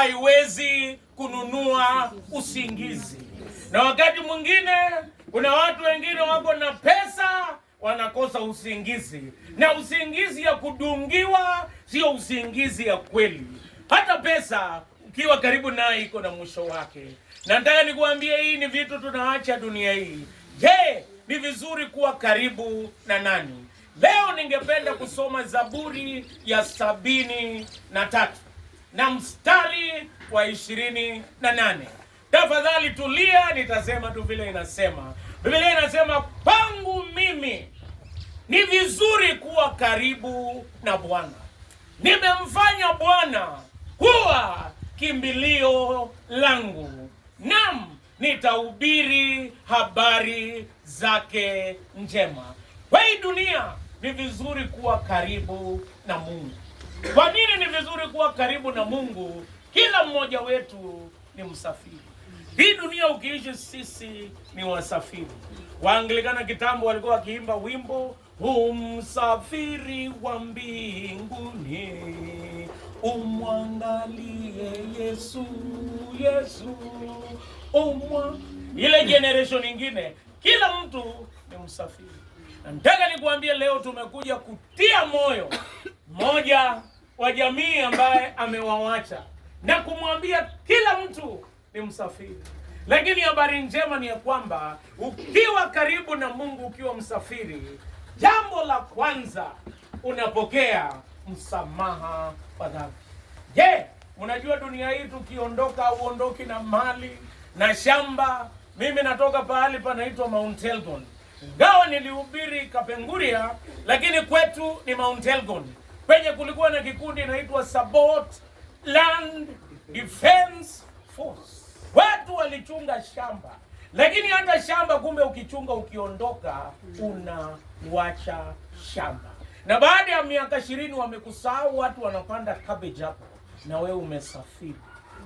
haiwezi kununua usingizi. Na wakati mwingine kuna watu wengine wako na pesa wanakosa usingizi, na usingizi ya kudungiwa sio usingizi ya kweli. Hata pesa ukiwa karibu naye iko na mwisho wake. Nataka nikuambie hii ni vitu tunaacha dunia hii. Je, ni vizuri kuwa karibu na nani? Leo ningependa kusoma Zaburi ya sabini na tatu na mstari wa ishirini na nane. Tafadhali tulia, nitasema tu vile inasema Biblia. Inasema pangu mimi ni vizuri kuwa karibu na Bwana, nimemfanya Bwana kuwa kimbilio langu, nam nitahubiri habari zake njema. Kwa hii dunia ni vizuri kuwa karibu na Mungu. Kwa nini ni vizuri kuwa karibu na Mungu? Kila mmoja wetu ni msafiri. Hii dunia ukiishi, sisi ni wasafiri. Waanglikana kitambo walikuwa wakiimba wimbo Umsafiri wa mbinguni umwangalie Yesu, Yesu umwa. Ile generation nyingine, kila mtu ni msafiri. Nataka nikuambie leo tumekuja kutia moyo moja wa jamii ambaye amewawacha na kumwambia kila mtu ni msafiri. Lakini habari njema ni ya kwamba ukiwa karibu na Mungu, ukiwa msafiri, jambo la kwanza unapokea msamaha wa dhambi. Je, unajua dunia hii tukiondoka, uondoki na mali na shamba. Mimi natoka pahali panaitwa Mount Elgon, ingawa nilihubiri Kapenguria, lakini kwetu ni Mount Elgon penye kulikuwa na kikundi inaitwa Sabot Land Defense Force. Watu walichunga shamba, lakini hata shamba kumbe, ukichunga ukiondoka, unawacha shamba, na baada ya miaka ishirini wamekusahau, watu wanapanda cabbage hapo, na wewe umesafiri,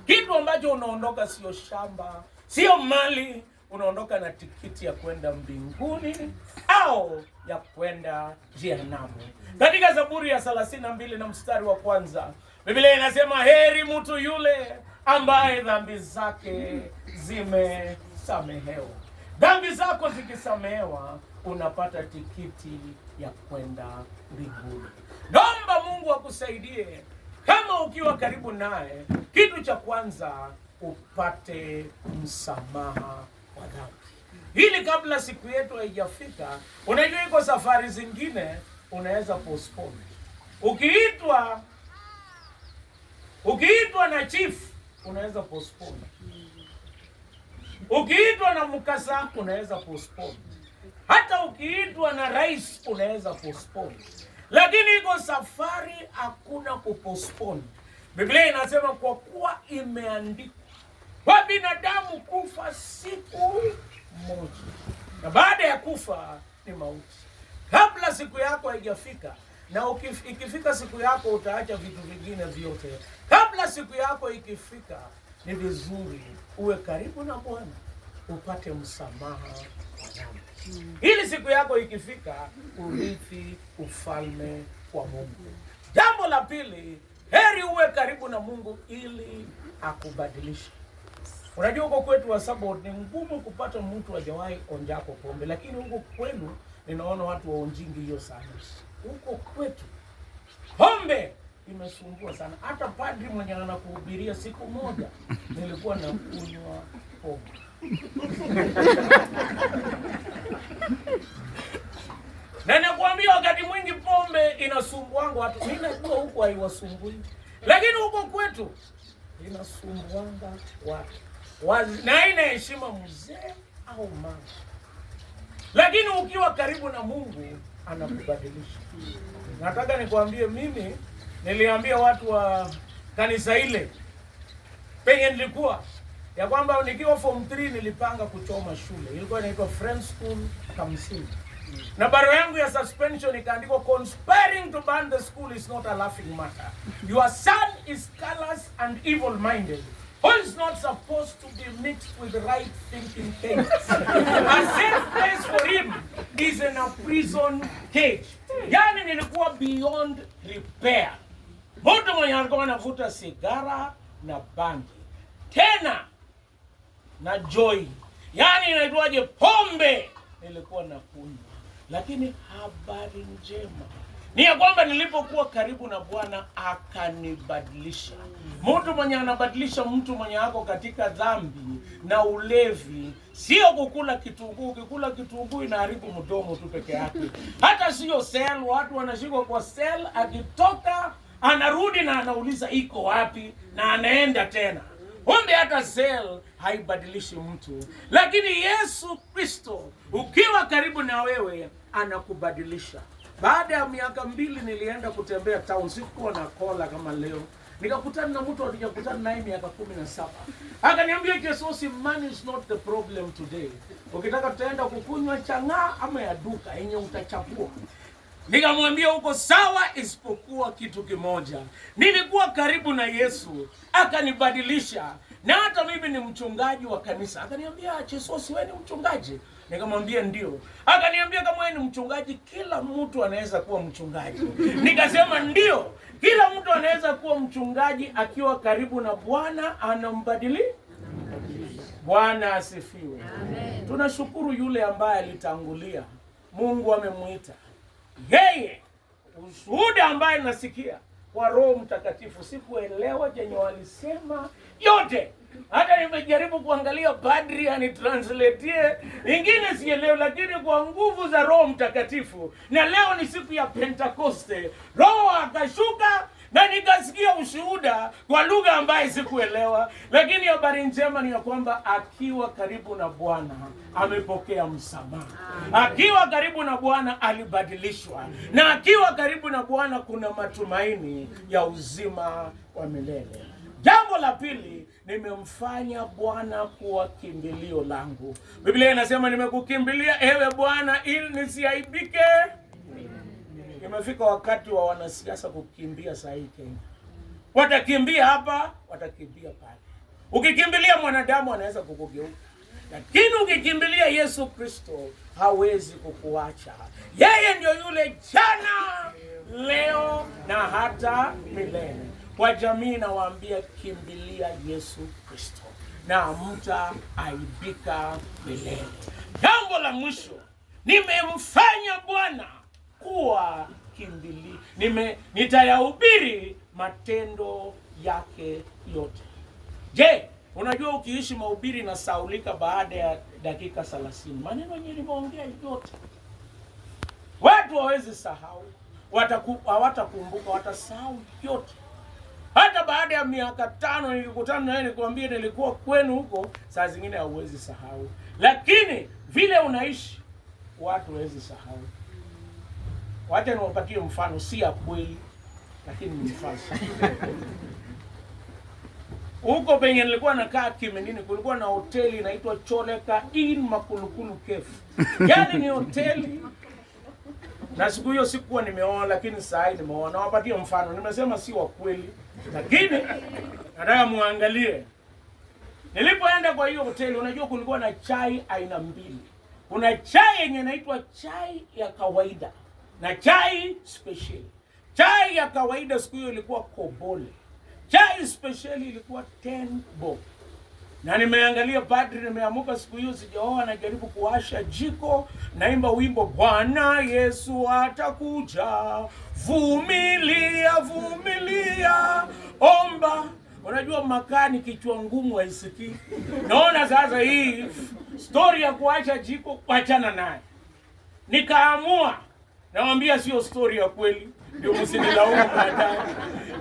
kitu ambacho unaondoka sio shamba, sio mali unaondoka na tikiti ya kwenda mbinguni au ya kwenda jehanamu. Katika Zaburi ya 32 na na mstari wa kwanza Biblia inasema heri mtu yule ambaye dhambi zake zimesamehewa. Dhambi zako zikisamehewa, unapata tikiti ya kwenda mbinguni. Naomba Mungu akusaidie kama ukiwa karibu naye, kitu cha kwanza upate msamaha kwa dhambi. Hili kabla siku yetu haijafika, unajua iko safari zingine unaweza postpone. Ukiitwa ukiitwa na chief unaweza postpone. Ukiitwa na mkasa unaweza postpone. Hata ukiitwa na rais unaweza postpone. Lakini iko safari hakuna kupostpone. Biblia inasema kwa kuwa imeandikwa wa binadamu kufa siku moja, na baada ya kufa ni mauti. Kabla siku yako haijafika na ukif, ikifika siku yako utaacha vitu vingine vyote. Kabla siku yako ikifika, ni vizuri uwe karibu na Bwana upate msamaha wa dhambi, ili siku yako ikifika urithi ufalme wa Mungu. Jambo la pili, heri uwe karibu na Mungu ili akubadilishe. Unajua huko kwetu wa support ni ngumu kupata mtu ajawahi onjako pombe, lakini huko kwenu ninaona watu waonjingi hiyo sana. Huko kwetu pombe imesumbua sana. Hata padri mwenye anakuhubiria siku moja nilikuwa nakunywa pombe na nakuambia wakati mwingi pombe inasumbuanga watu. Mimi najua huko haiwasumbui, lakini huko kwetu inasumbuanga watu na ina heshima mzee au mama, lakini ukiwa karibu na Mungu anakubadilisha. Nataka nikuambie mimi niliambia watu wa kanisa ile penye nilikuwa ya kwamba nikiwa form 3 nilipanga kuchoma shule, ilikuwa inaitwa Friends School Kamsingi, mm. na barua yangu ya suspension ikaandikwa, conspiring to burn the school is not a laughing matter, your son is callous and evil minded is not supposed to be mixed with right thinking things. A safe place for him is in a prison cage. Yani nilikuwa beyond repair. Mtu mwenye alikuwa anavuta sigara na bangi tena na joy, yani inaitwaje, pombe nilikuwa nakunywa, lakini habari njema ni ya kwamba nilipokuwa karibu na Bwana akanibadilisha. Mtu mwenye anabadilisha mtu mwenye ako katika dhambi na ulevi, sio kukula kitunguu. Ukikula kitunguu inaharibu mdomo tu peke yake, hata sio sel. Watu wanashikwa kwa sel, akitoka anarudi na anauliza iko wapi, na anaenda tena. Kumbe hata sel haibadilishi mtu, lakini Yesu Kristo ukiwa karibu na wewe anakubadilisha. Baada ya miaka mbili nilienda kutembea town, sikuwa na kola kama leo, nikakutana na mtu alijakutana naye miaka kumi na saba akaniambia, Jesusi, money is not the problem today. Ukitaka tutaenda kukunywa chang'aa ama ya duka yenye utachapua Nikamwambia huko sawa, isipokuwa kitu kimoja, nilikuwa karibu na Yesu akanibadilisha, na hata mimi ni mchungaji wa kanisa. Akaniambia Chesosi, wewe ni mchungaji? Nikamwambia ndio. Akaniambia kama wewe ni mchungaji, kila mtu anaweza kuwa mchungaji. Nikasema ndio, kila mtu anaweza kuwa mchungaji akiwa karibu na Bwana anambadili Bwana asifiwe. Amen. Tunashukuru yule ambaye alitangulia. Mungu amemwita yeye, ushuhuda ambaye nasikia kwa Roho Mtakatifu. Sikuelewa chenye walisema yote. Hata nimejaribu kuangalia padri anitransletie ingine sielewe lakini kwa nguvu za Roho Mtakatifu, na leo ni siku ya Pentekoste, Roho akashuka na nikasikia ushuhuda kwa lugha ambaye sikuelewa, lakini habari njema ni ya kwamba akiwa karibu na Bwana amepokea msamaha, akiwa karibu na Bwana alibadilishwa, na akiwa karibu na Bwana kuna matumaini ya uzima wa milele. Jambo la pili, nimemfanya Bwana kuwa kimbilio langu. Biblia inasema nimekukimbilia ewe Bwana ili nisiaibike. Imefika wakati wa wanasiasa kukimbia saa hii Kenya. Watakimbia hapa, watakimbia pale. Ukikimbilia mwanadamu anaweza kukugeuka, lakini ukikimbilia Yesu Kristo hawezi kukuacha. Yeye ndio yule jana, leo na hata milele. Kwa jamii nawaambia, kimbilia Yesu Kristo na mtaaibika milele. Jambo la mwisho, nimemfanya Bwana kuwa kimbilio, nime nitayahubiri matendo yake yote. Je, unajua ukiishi mahubiri na saulika baada ya dakika 30 maneno yenyewe nimeongea yote, watu wawezi sahau, hawatakumbuka, watasahau yote hata baada ya miaka tano nilikutana naye, nikwambie, nilikuwa kwenu huko, saa zingine hauwezi sahau, lakini vile unaishi watu hawezi sahau. Wacha niwapatie mfano, si ya kweli, lakini ni mfano huko penye nilikuwa nakaa Kiminini, kulikuwa na hoteli inaitwa Choleka in Makulukulu Cafe. Yaani ni hoteli na siku hiyo sikuwa nimeona, lakini saa hii nimeona. Nawapatia mfano, nimesema si wa kweli lakini nataka muangalie. Nilipoenda kwa hiyo hoteli, unajua kulikuwa na chai aina mbili. Kuna chai yenye inaitwa chai ya kawaida na chai spesheli. Chai ya kawaida siku hiyo ilikuwa kobole, chai spesheli ilikuwa ten bob na nimeangalia padri, nimeamuka siku hiyo sijaoa, najaribu kuwasha jiko, naimba wimbo Bwana Yesu atakuja, vumilia vumilia, omba. Unajua makaa ni kichwa ngumu, haisikii. Naona sasa hii stori ya kuwasha jiko, kuachana naye. Nikaamua, nawambia sio stori ya kweli, ndio msinilaumu baadaye.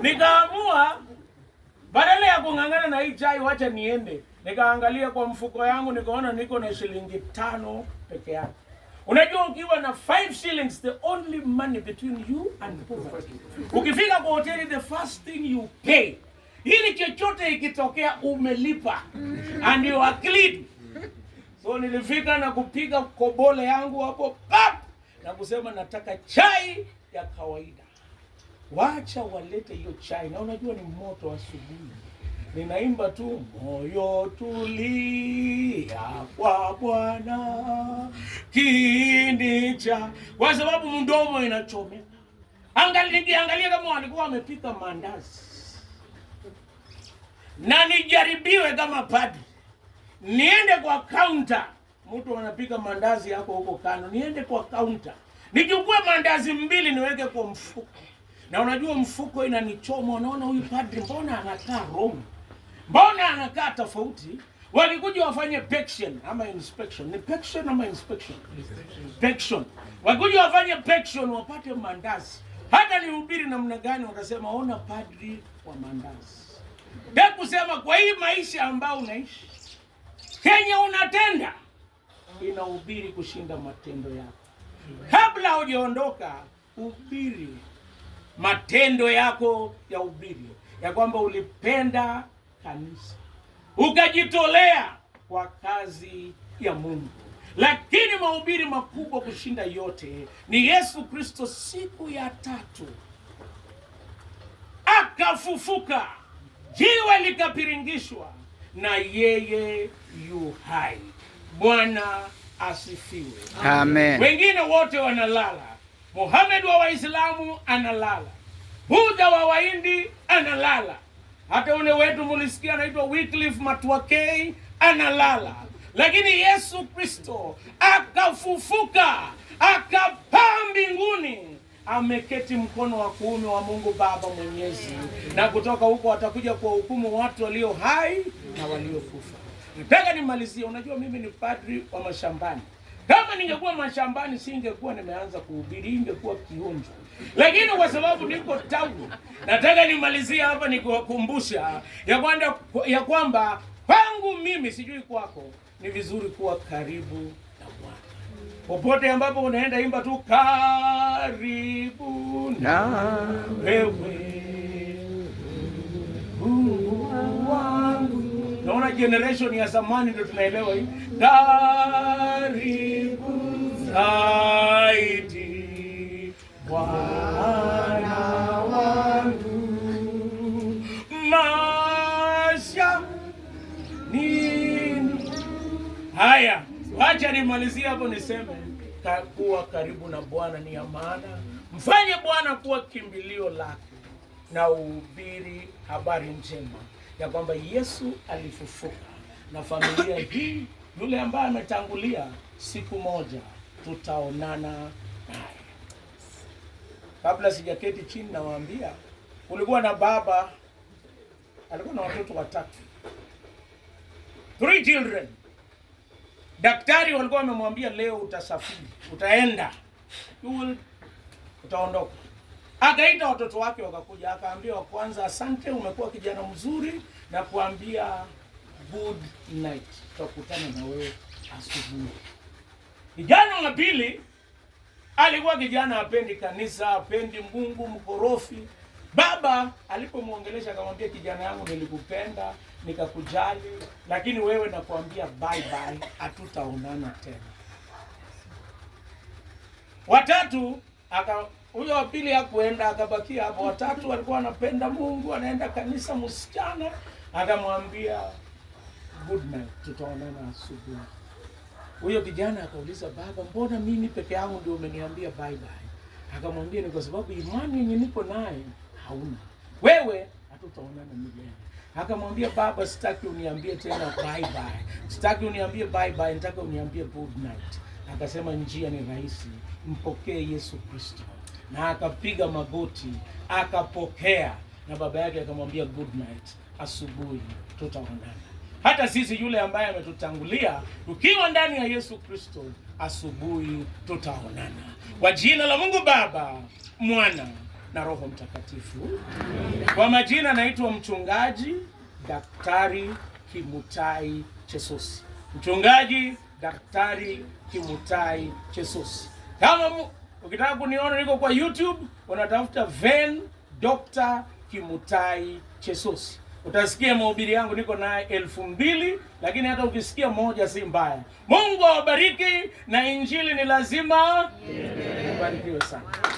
Nikaamua badala ya kung'ang'ana na hii chai, wacha niende nikaangalia kwa mfuko yangu nikaona niko na shilingi tano peke yake. Unajua, ukiwa na five shillings the only money between you and poverty. Ukifika kwa hoteli the first thing you pay, ili chochote ikitokea umelipa and you are clean. So nilifika na kupiga kobole yangu hapo pap na kusema nataka chai ya kawaida, wacha walete hiyo chai, na unajua ni moto asubuhi ninaimba tu, moyo tulia kwa Bwana kindi cha, kwa sababu mdomo inachomeka Angalia, ningeangalia kama walikuwa wamepika mandazi, na nijaribiwe kama padi, niende kwa kaunta. Mtu anapika mandazi yako huko kando, niende kwa kaunta nichukue mandazi mbili niweke kwa mfuko, na unajua mfuko inanichoma. Unaona, huyu padri mbona anakaa Rome? Mbona anakaa tofauti? Walikuja wafanye pection ama inspection, ni pection ama inspection? Pection. Walikuja wafanye pection, wapate mandazi. Hata nihubiri namna gani, wakasema ona padri wa mandazi. Da kusema kwa hii maisha ambayo unaishi kenya unatenda inahubiri kushinda matendo yako. Kabla hujaondoka, hubiri matendo yako ya ubiri ya kwamba ulipenda kanisa, ukajitolea kwa kazi ya Mungu. Lakini mahubiri makubwa kushinda yote ni Yesu Kristo siku ya tatu akafufuka, jiwe likapiringishwa, na yeye yu hai. Bwana asifiwe, amen. Wengine wote wanalala. Muhammad wa Waislamu analala, Buddha wa Wahindi analala hata une wetu mulisikia anaitwa Wycliffe Matuakei analala, lakini Yesu Kristo akafufuka, akapaa mbinguni, ameketi mkono wa kuume wa Mungu Baba Mwenyezi, na kutoka huko atakuja kuwahukumu watu walio hai na waliokufa. Nataka nimalizie, unajua mimi ni padri wa mashambani. Kama ningekuwa mashambani, singekuwa nimeanza kuhubiri, ingekuwa kionjo. Lakini kwa sababu niko tauni, nataka nimalizie hapa nikiwakumbusha ya kwamba ya kwamba kwangu mimi, sijui kwako, ni vizuri kuwa karibu na Bwana popote ambapo unaenda, imba tu karibu na wewe. generation ya zamani ndio tunaelewa hii. Karibu zaidi Bwana wangu, maisha nini haya? Wacha nimalizie hapo niseme kuwa karibu na Bwana ni ya maana. Mfanye Bwana kuwa kimbilio lako na uhubiri habari njema ya kwamba Yesu alifufuka na familia hii, yule ambaye ametangulia, siku moja tutaonana naye. Kabla sijaketi chini, nawaambia kulikuwa na baba alikuwa na watoto watatu, three children. Daktari walikuwa wamemwambia leo utasafiri, utaenda, you will, utaondoka Akaita watoto wake wakakuja, akaambia wa kwanza, asante, umekuwa kijana mzuri na kuambia good night, tutakutana na wewe asubuhi. Kijana wa pili alikuwa kijana apendi kanisa, apendi Mungu, mkorofi. Baba alipomwongelesha akamwambia, kijana yangu, nilikupenda nikakujali, lakini wewe nakuambia bye bye, hatutaonana tena. Watatu aka huyo wa pili hakuenda akabakia hapo. Watatu walikuwa wanapenda Mungu, anaenda kanisa. Msichana akamwambia good night, tutaonana asubuhi. Huyo kijana akauliza, baba, mbona mimi peke yangu ndio umeniambia bye bye? Akamwambia, ni kwa sababu imani yenye niko naye hauna wewe, hatutaonana milele. Akamwambia, baba, sitaki uniambie tena bye bye, sitaki uniambie bye bye, nataka uniambie good night. Akasema, njia ni rahisi, mpokee Yesu Kristo na akapiga magoti akapokea, na baba yake akamwambia good night, asubuhi tutaonana. Hata sisi yule ambaye ametutangulia tukiwa ndani ya Yesu Kristo, asubuhi tutaonana. Kwa jina la Mungu Baba, Mwana na Roho Mtakatifu. Kwa majina naitwa mchungaji Daktari Kimutai Chesosi, mchungaji Daktari Kimutai Chesosi kama Ukitaka kuniona niko kwa YouTube, unatafuta Ven Dr. Kimutai Chesosi, utasikia mahubiri yangu, niko naye elfu mbili, lakini hata ukisikia moja si mbaya. Mungu awabariki na injili ni lazima, yeah. sana.